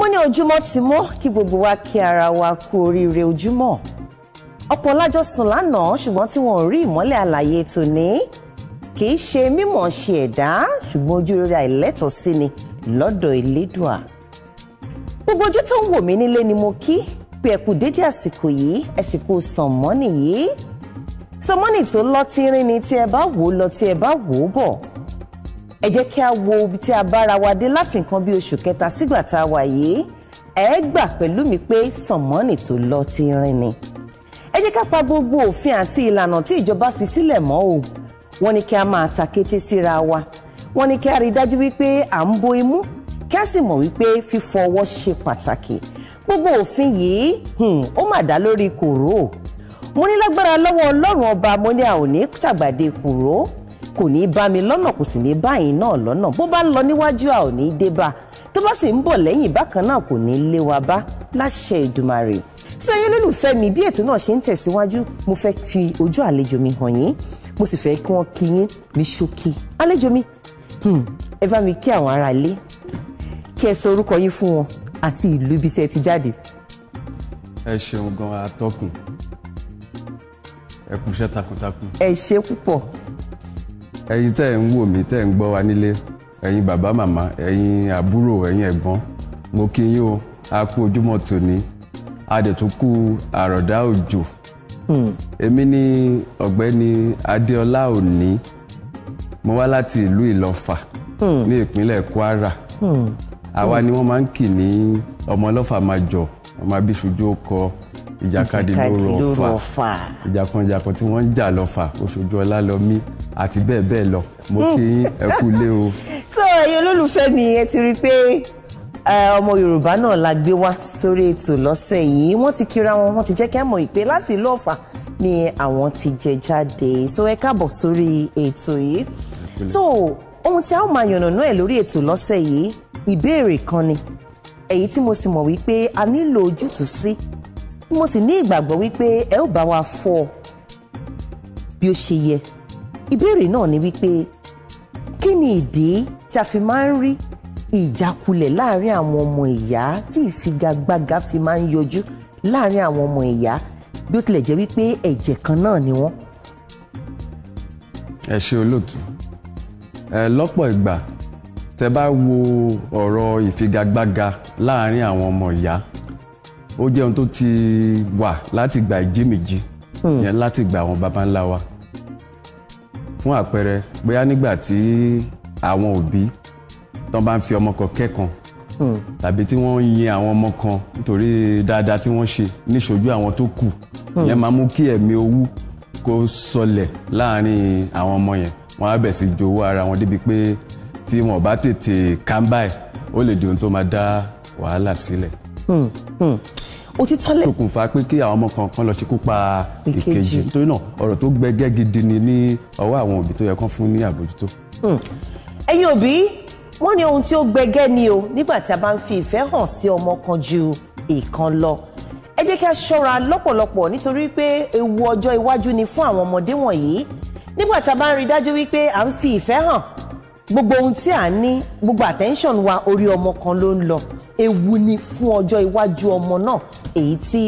wọ́n ní ojúmọ́ ti mọ́ kí gbogbo wa kí ara wa kú oríire ojúmọ́ ọ̀pọ̀ lájọ sùn lánàá ṣùgbọ́n tí wọ́n rí ìmọ́lẹ̀ àlàyé tòní kì í ṣe mímọ̀ ṣe ẹ̀dá ṣùgbọ́n ojú rere àìlẹ́tọ̀ọ́ sí ni lọ́dọ̀ Elédùà gbogbo ojú tó ń wò mí nílé ni mo kí pé ẹ dédé àsìkò yìí àsìkò sànmọ́nì yìí sànmọ́nì tó lọ́ tí ń ni tí ẹ bá wò lọ tí ẹ bá wò bọ̀ ẹ jẹ́ kí a wo ibi tí a bára wa dé láti nǹkan bí oṣù kẹta sígbà tá a wà yìí ẹ gbà pẹ̀lú mi pé sànmọ́nì tó lọ ti rìn ni. ẹ jẹ́ ká pa gbogbo òfin àti ìlànà tí ìjọba fi sílẹ̀ mọ́ o wọ́n ní kí a máa ta kété síra wa wọ́n ní kí a rí i dájú wípé à ń bo imú kí a sì mọ̀ wípé fífọ ọwọ́ ṣe pàtàkì gbogbo òfin yìí hmm, ó mà dá lórí kòró mo ní lágbára lọ́wọ́ ọlọ́run ọba mo ní a ò kòró kò ní bá mi lọ́nà kò sì ní bá yín náà lọ́nà bó bá ń lọ níwájú a ò ní dé bá tó bá sì ń bọ̀ lẹ́yìn bákan náà kò ní lé wa bá láṣẹ Èdùmàrè sí ẹ̀yin olólùfẹ́ mi bí ètò náà ṣe ń tẹ̀síwájú mo fẹ́ fi ojú àlejò mi hàn yín mo sì fẹ́ kí wọ́n kí yín ní ṣókí àlejò mi hmm, ẹ bá mi kí àwọn ará ilé kí ẹ sọ orúkọ yín fún wọn àti ìlú ibi tí ẹ ti jáde. ẹ ṣeun gan atọ́kùn ẹ kúṣẹ́ takuntakun. ẹ ṣe púpọ̀ ẹ̀yin tẹ́ ń wò mí tẹ́ ń gbọ́ wa nílé ẹ̀yin bàbá màmá ẹ̀yin àbúrò ẹ̀yin ẹ̀gbọ́n mo kí yín o a kú ojúmọ́ tòní a dẹ̀ tún kú àròdá òjò hmm. èmi ni ọ̀gbẹ́ni Adéọlá Òní mo wá láti ìlú Ìlọ́fà hmm. ní ìpínlẹ̀ Kwara hmm. àwa ni wọ́n máa ń kì ní ọmọ Ọlọ́fà máa jọ ọmọ abíṣojú ọkọ ìjàkadì lóru Ọ̀fà ìjàkanjàkan tí wọ́n ń jà lọ́fà Òṣojú Ọlálọ́mí àti bẹ́ẹ̀ bẹ́ẹ̀ lọ mo kí ẹ kú ilé o. so ẹ̀yin olólùfẹ́ mi ẹ ti rí i pé ọmọ yorùbá náà la gbé wá sórí ètò lọ́sẹ̀ yìí wọ́n ti kíra wọn wọ́n ti jẹ́ kẹ́ mọ̀ ìpè láti ìlú ọ̀fà ni àwọn ti jẹ jáde so ẹ káàbọ̀ sórí ètò yìí so ohun tí a ó máa yànnàná ẹ̀ lórí ètò lọ́sẹ̀ yìí ìbéèrè kan ni èyí tí mo sì mọ̀ wípé a nílò ojútùú sí mo sì ní ìgbàgbọ́ wípé ẹ ó bá wa fọ́ ọ bí ó ṣe yẹ ìbéèrè náà ni wípé kí ni ìdí tí a fi máa ń rí ìjákulẹ̀ láàrin àwọn ọmọ ìyá tí ìfigagbága fi máa ń yọjú láàrin àwọn ọmọ ìyá bí ó tilẹ̀ jẹ́ wípé ẹ̀jẹ̀ kan náà ni wọ́n. ẹ ṣe olóòtú ẹ lọ́pọ̀ ìgbà tẹ bá wo ọ̀rọ̀ ìfigagbága láàrin àwọn ọmọ ìyá ó jẹ́ ohun tó ti wà láti ìgbà ìjímìjí hmm. yẹn láti ìgbà àwọn baba ńlá wa fún àpẹẹrẹ bóyá nígbà tí àwọn òbí tán bá ń fi ọmọ kan kẹ́kan hmm. tàbí tí wọ́n ń yin àwọn ọmọ kan nítorí dáadáa tí wọ́n ṣe níṣojú àwọn tó kù hmm. yẹn máa mú kí ẹ̀mí owú kó sọlẹ̀ láàárín àwọn ọmọ yẹn wọ́n á bẹ̀ sí jowó ara wọn débi pé tí wọ́n bá tètè kán báyìí ó lè di ohun tó máa dá wàhálà sílẹ̀. Hmm òtítọ́ lè. ṣokùnfà pé kí àwọn ọmọ kankan lọ ṣekú pa ìkejì nítorí náà ọ̀rọ̀ tó gbẹgẹ́ gidi ni ní ọwọ́ àwọn òbí tó yẹ kán fún ní àbójútó. Hmm. ẹ̀yin òbí wọ́n ní ohun tí ó gbẹgẹ́ ni o nígbà tí a bá ń fi ìfẹ́ hàn sí ọmọ kan ju ìkan lọ ẹ jẹ́ kí a ṣọ́ra lọ́pọ̀lọpọ̀ nítorí pé ewu ọjọ́ iwájú ni fún àwọn ọmọdé wọ̀nyí nígbà tá a bá ń rí dájú wípé à ń fi ìfẹ́ hàn gbogbo ohun tí à ń ní gbogbo attention wa orí ọmọ kan ló ń lọ ewu ni fún ọjọ́ iwájú ọmọ náà èyí tí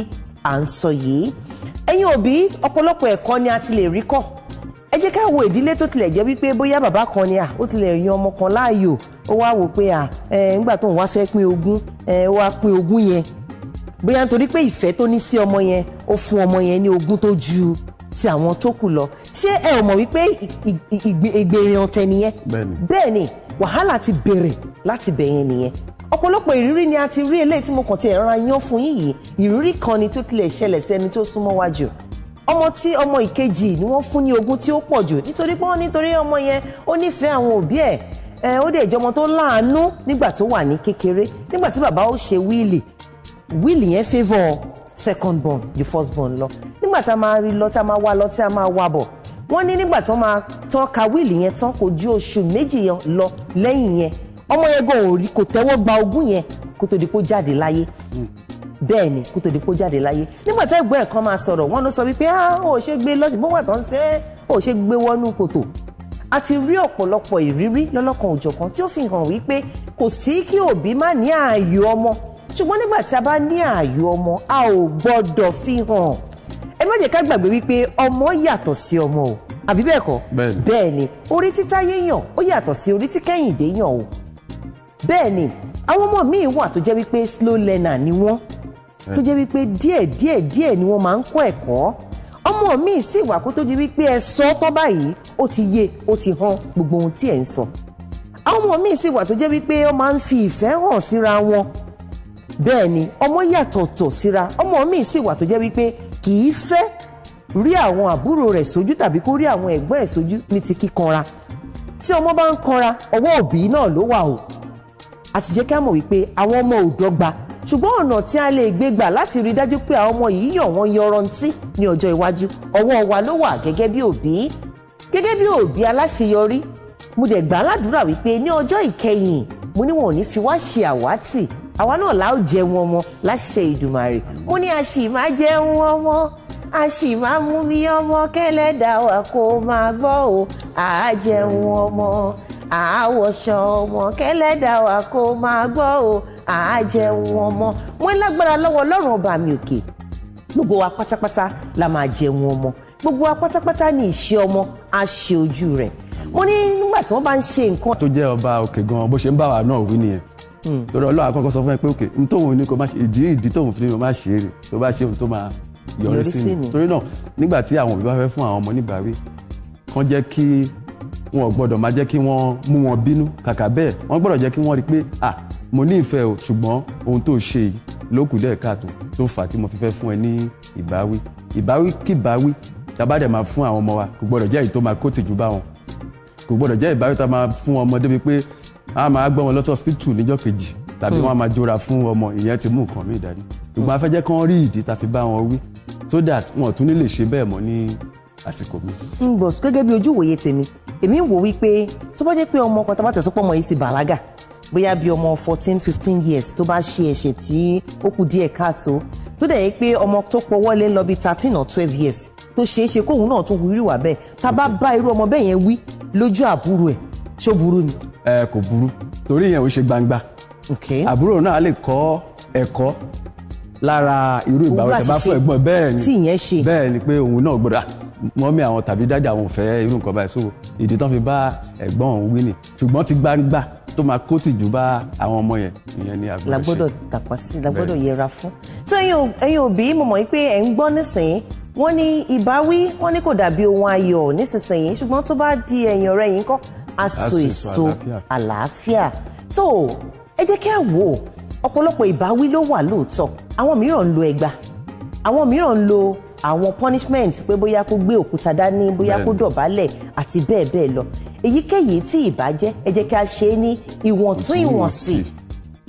à ń sọ yìí ẹ̀yin òbí ọ̀pọ̀lọpọ̀ ẹ̀kọ́ ni a ti lè rí kọ́ ẹ jẹ́ ká wo ìdílé tó tilẹ̀ jẹ́ wípé bóyá bàbá kan ni à ó tilẹ̀ yan ọmọ kan láàyò ó wá wò pé à ẹ ńgbà tóun wá fẹ́ pín ogún ẹ ó wá pín ogún yẹn bóyá nítorí pé ìfẹ́ tó ní sí ọmọ yẹn ó fún ọmọ yẹn ní ogún tó ju ti àwọn tó kù lọ ṣé ẹ ò mọ̀ wípé ìgbèrè ọ̀tẹ̀ nìyẹn bẹ́ẹ̀ ni wàhálà ti bẹ̀rẹ̀ láti bẹ̀yẹn nìyẹn ọ̀pọ̀lọpọ̀ ìrírí ni a ti rí eléyìí tí mo kàn ti ẹ̀rọ ayán fún yín yìí ìrírí kan ni tó tilẹ̀ ṣẹlẹ̀ sẹ́ni tó súnmọ́ wa jù ọmọ tí ọmọ ìkejì ni wọ́n fún ní ogún tí ó pọ̀ jù nítorí pé wọ́n nítorí ọmọ yẹn ó nífẹ̀ẹ́ àwọn òbí ẹ̀ ó dẹ̀ jọmọ tó láàánú nígbà tó wà ní kékeré nígbà tí bàbá ó ṣe wíìlì wíìlì yẹn favour second born the first born lọ nígbà tá a máa rí lọ tá a máa wá lọ tá a máa wá bọ̀ wọ́n ní nígbà tó máa tọ́ka wíìlì yẹn tán kò ju oṣù méjì lọ lẹ́yìn yẹn ọmọ yẹn gan ò rí kò tẹ́wọ́ gba ogún yẹn kó tó di kó jáde láyé hmm. bẹ́ẹ̀ ni kó tó di kó jáde láyé nígbà tí ẹ̀gbọ́n ẹ̀ kan máa sọ̀rọ̀ wọn ló sọ wípé ah ò ṣe gbé lọ́sì bó wà tán ṣe é ò ṣe gbé wọnú kòtò a ti rí ọ̀pọ̀lọpọ̀ ìrírí lọ́lọ́kan òjọ̀kan tí ó fi hàn wípé kò sí kí òbí má ní ààyò ọmọ ṣùgbọ́n nígbà tí a bá ní ààyò ọmọ a ò gbọ́dọ̀ fi hàn ẹ má jẹ́ ká gbàgbé wípé ọmọ yàtọ̀ sí ọmọ o àbí bẹ́ẹ̀ kọ́ bẹ́ẹ̀ ni orí títáyé yàn ó yàtọ̀ sí orí tí Kẹ́hìndé yàn o bẹ́ẹ̀ ni àwọn ọmọ míì wà tó jẹ́ wípé slow learner ni wọ́n tó jẹ́ wípé díẹ̀ díẹ̀ díẹ̀ ni wọ́n máa ń kọ́ ẹ̀kọ́ ọmọ míì sì wà kó tó di wípé ẹ sọ tọ́ báyìí ó ti yé ó ti hàn gbogbo ohun tí ẹ̀ ń sọ àwọn ọmọ míì sì wà tó jẹ́ wípé ọ máa ń fi ìfẹ́ hàn síra wọn bẹ́ẹ̀ ni ọmọ yàtọ̀tọ̀ síra ọmọ míì sì wà tó jẹ́ wípé kì í fẹ́ rí àwọn àbúrò rẹ̀ sójú tàbí kó rí àwọn ẹ̀gbọ́n ẹ̀ sójú ní ti kíkanra tí ọmọ bá ń kanra ọwọ́ òbí náà ló wà o àti jẹ́ kí a mọ̀ wípé àwọn ọmọ ò dọ́gba ṣùgbọ́n ọ̀nà tí a lè gbé gbà láti rí dájú pé àwọn ọmọ yìí yọ̀ wọ́n yọrantí ní ọjọ́ iwájú ọwọ́ wa ló wà gẹ́gẹ́ bí òbí gẹ́gẹ́ bí òbí aláṣeyọrí mo dẹ̀ gbà ládùúrà wípé ní ọjọ́ ìkẹyìn mo ní wọn ò ní fi wá ṣe àwátì àwa náà la ó jẹ wọn mọ láṣẹ Ìdùmarè mo ní a sì máa jẹ wọn mọ a sì máa mú mi ọmọ kẹlẹ́dàá wa kó máa gbọ́ o àá jẹ wọn mọ àwòṣàn ọmọ kẹlẹ́dà wa kó máa gbọ́ o àjẹun ọmọ wọn lágbára lọ́wọ́ ọlọ́run ọba mi òkè gbogbo wa pátápátá la máa jẹun ọmọ gbogbo wa pátápátá ní ìṣe ọmọ á ṣe ojú rẹ̀ mo ní nígbà tí wọ́n bá ń ṣe nǹkan. tó jẹ́ ọba òkè gan-an bó ṣe ń bá wa náà wí nìyẹn hmm. torí ọlọ́run àkọ́kọ́ sọ fún ẹ pé òkè n tóun ní kò má ṣe ìdí ìdí tóun fi ní kò má ṣe é tó bá ṣe òun tó máa yọrí sí ni torí náà nígbà tí àwọn òbí bá fẹ́ fún àwọn ọmọ nígbà wí jẹ́ kí wọn gbọ́dọ̀ máa jẹ́ kí wọ́n mú wọn bínú kàkà bẹ́ẹ̀ wọ́n gbọ́dọ̀ jẹ́ kí wọ́n rí i pé ah mo ní ìfẹ́ o ṣùgbọ́n ohun tó ṣe yìí káàtó tó fà á tí mo fi fẹ́ fún ẹ ní ìbáwí ìbáwí kíbáwí tabadẹ̀ máa fún àwọn ọmọ wa kò gbọ́dọ̀ jẹ́ èyí tó máa kó tìjú bá wọn kò gbọ́dọ̀ jẹ́ ìbáwí tá máa fún ọmọ débi pé a máa gbọ́ wọn lọ́tọ̀ hospital níjọ́ kejì tàbí hmm. wọ́n máa jọra fún ọmọ ìyẹn ti mú nǹkan mí dání ṣùgbọ́n a fẹ́ rí ìdí tá fi bá wọn wí so that wọn ò tún ní lè ṣe bẹ́ẹ̀ mọ́ ní àsìkò mi. ń bọ̀ gẹ́gẹ́ bí ojú ìwòye tèmi èmi ń wò wípé tó bá jẹ́ pé ọmọ kan tó bá tẹ̀sán pọ̀ mọ́ yìí ti bàlágà bóyá bí ọmọ fourteen fifteen years tó bá ṣe ẹ̀ṣẹ̀ tí ó kù díẹ̀ káàtó tó dẹ̀ yẹ pé ọmọ tó pọwọ́lé lọ bí thirteen or twelve years tó ṣeé ṣe kóun náà tó wíwí wà bẹ́ẹ̀ tá a bá bá irú ọmọ bẹ́ẹ̀ yẹn wí lójú àbúrò ẹ̀ ṣó burú ni. ẹ kò burú torí yẹn ò ṣe gbangba àbúrò náà lè kọ́ ẹ̀kọ́ lára irú ìgbàwẹ̀ tẹ́ bá fún ẹ̀gbọ́n bẹ́ẹ̀ ni bẹ́ẹ̀ ni pé òun náà gbọ́dọ̀ mọ́mí àwọn tàbí dájà àwọn fẹ́ irú nǹkan báyìí so ìdí tán fi bá ẹ̀gbọ́n òun wí nì ṣùgbọ́n ti gbangba tó máa kó tìjú bá àwọn ọmọ yẹn ìyẹn ni àgbọ̀dọ̀ ṣe lagbọ́dọ̀ tàpá sí lagbọ́dọ̀ yẹra fún. tó ẹ̀yin òbí mo mọ̀ wípé ẹ̀ ń gbọ́ nísìnyí wọ́n ní ìbáwí wọ́n ní kò dàbí ohun ayọ̀ nísinsìnyí ṣùgbọ́n tó bá di ẹ̀yìn ọ̀rẹ́ yìí kọ́ aṣọ èso àlàáfíà tó ẹ jẹ́ kí a wò ọ̀pọ̀lọpọ̀ ìbáwí ló wà lóòótọ́ àwọn mìíràn ń lo ẹgba àwọn mìíràn ń lo àwọn punishment pé bóyá kó gbé òkúta dání bóyá kó dọ̀bálẹ̀ àti bẹ́ẹ̀ bẹ́ẹ̀ lọ èyíkéyìí tí ìbá jẹ́ ẹ jẹ́ kí a ṣe é ní ìwọ̀ntún ìwọ̀nsì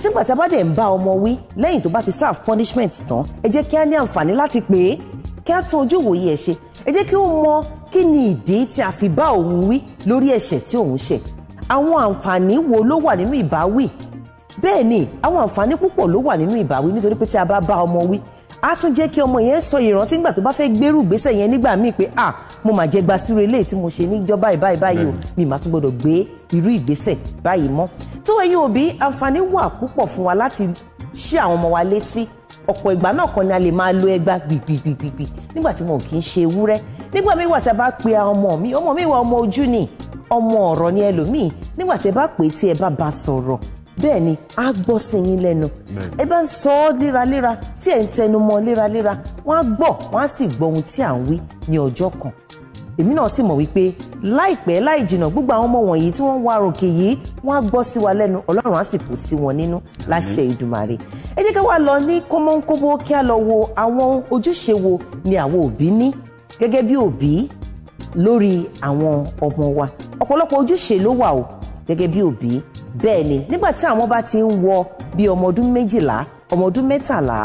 tígbà tá a bá dẹ̀ ń bá ọmọ wí lẹ́yìn tó bá ti serve punishment tán ẹ jẹ́ kí a ní àǹfààní láti pè é kí a tún ojú ìwòye ẹ̀ ṣe ẹ jẹ́ kí ó mọ kí ni ìdí tí a fi bá òun wí lórí ẹ̀ṣẹ̀ tí òun ṣẹ̀ àwọn àǹfààní wo ló wà nínú ìbáwí bẹ́ẹ̀ ni àwọn àǹfààní púpọ̀ ló wà nínú ìbáwí nítorí pé tí a bá bá ọmọ wí á tún jẹ́ kí ọmọ yẹn sọ ìrántí nígbà tó bá fẹ́ gbérù gbèsè yẹn nígbà míì pé à mo mà jẹ gba síre eléyìí tí mo ṣe níjọ́ báyìí báyìí báyìí o mi mà tún gbọ́dọ̀ gbé irú ìgbésẹ̀ báyìí mọ́ tó ẹ̀yin òbí àǹfààní wà púpọ̀ fún wa láti ṣí àwọn ọmọ wa létí ọ̀pọ̀ ìgbà náà kan ni a lè máa lo ẹgba gbìgbìgbìgbì nígbà tí wọn ò kì í ṣe ewúrẹ́ nígbà míì wà tá a bá pe ọmọ mi ọmọ mi wà ọmọ ojú ni ọmọ ọ̀rọ̀ ni ẹlòmíì nígbà tí ẹ bá pè é tí ẹ bá ba sọ̀rọ̀ bẹ́ẹ̀ ni á gbọ́ sí yín lẹ́nu ẹ bá ń sọ ọ́ léraléra tí ẹ̀ ń tẹnu mọ́ léraléra wọ́n á gbọ́ wọ́n á sì gbọ́ ohun tí à ń wí ní ọjọ́ kan èmi náà sì mọ̀ wípé láìpẹ́ láì jìnnà gbogbo àwọn ọmọ wọ̀nyí tí wọ́n ń wá ròkè yìí wọ́n á gbọ́ sí wa lẹ́nu ọlọ́run á sì kù sí wọn nínú láṣẹ ìdùmàrè ẹ jẹ́ ká wá lọ ní kọ́mọ́nkóbó kí a lọ wo àwọn ojúṣe wo ni àwọn òbí ní gẹ́gẹ́ bí òbí lórí àwọn ọmọ wa ọ̀pọ̀lọpọ̀ ojúṣe ló wà o gẹ́gẹ́ bí òbí bẹ́ẹ̀ ni nígbà tí àwọn bá ti ń wọ bíi ọmọ ọdún méjìlá ọmọ ọdún mẹ́tàlá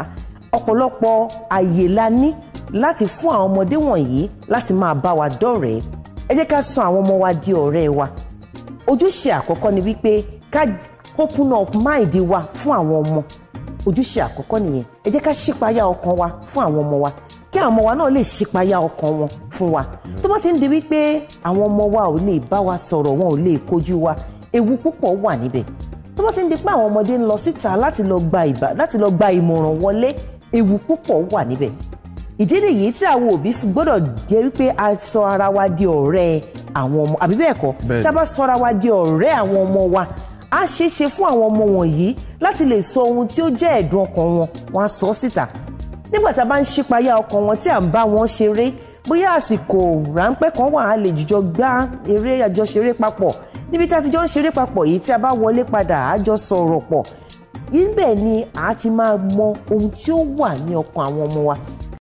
ọ̀pọ̀lọpọ̀ àyè la ní láti fún àwọn ọmọdé wọ̀nyí láti máa bá wa dọ̀rẹ́ ẹ jẹ́ ká sọ àwọn ọmọ wa di ọ̀rẹ́ wa ojúṣe àkọ́kọ́ ni wípé ká open up mind wa fún àwọn ọmọ ojúṣe àkọ́kọ́ nìyẹn ẹ jẹ́ ká ṣípayá ọkàn wa fún àwọn ọmọ wa kí àwọn ọmọ wa náà lè ṣípayá ọkàn wọn fún wa tó bá ti ń di wípé àwọn ọmọ wa ò lè bá wa sọ̀rọ̀ wọn ò lè kojú wa ewu púpọ̀ wà níbẹ̀ tó bá ti ń di pé àwọn ọmọdé ń lọ síta láti lọ gba ìbá láti lọ gba ìmọ̀ràn wọlé ewu púpọ̀ wà níbẹ̀ ìdí nìyí tí àwọn òbí gbọ́dọ̀ jẹ́ wípé a sọ ara wa di ọ̀rẹ́ àwọn ọmọ àbí bẹ́ẹ̀ kọ́ tá a bá sọ ara wa di ọ̀rẹ́ àwọn ọmọ wa á ṣeé ṣe fún àwọn ọmọ wọ̀nyí láti lè sọ ohun tí ó jẹ́ ẹ̀dùn ọkàn wọn wọn á sọ síta nígbà tá a bá ń ṣípayá ọkàn wọn tí à ń bá wọn ṣeré bóyá àsìkò ráńpẹ́ kan wà á lè jùjọ gbá eré àjọṣeré papọ̀ níbi tá a ti jọ ń ṣeré papọ̀ yìí tí a bá wọlé padà a jọ sọ̀rọ̀ pọ̀ níbẹ̀ ni a ti máa mọ ohun tí ó wà ní ọkàn àwọn ọmọ wa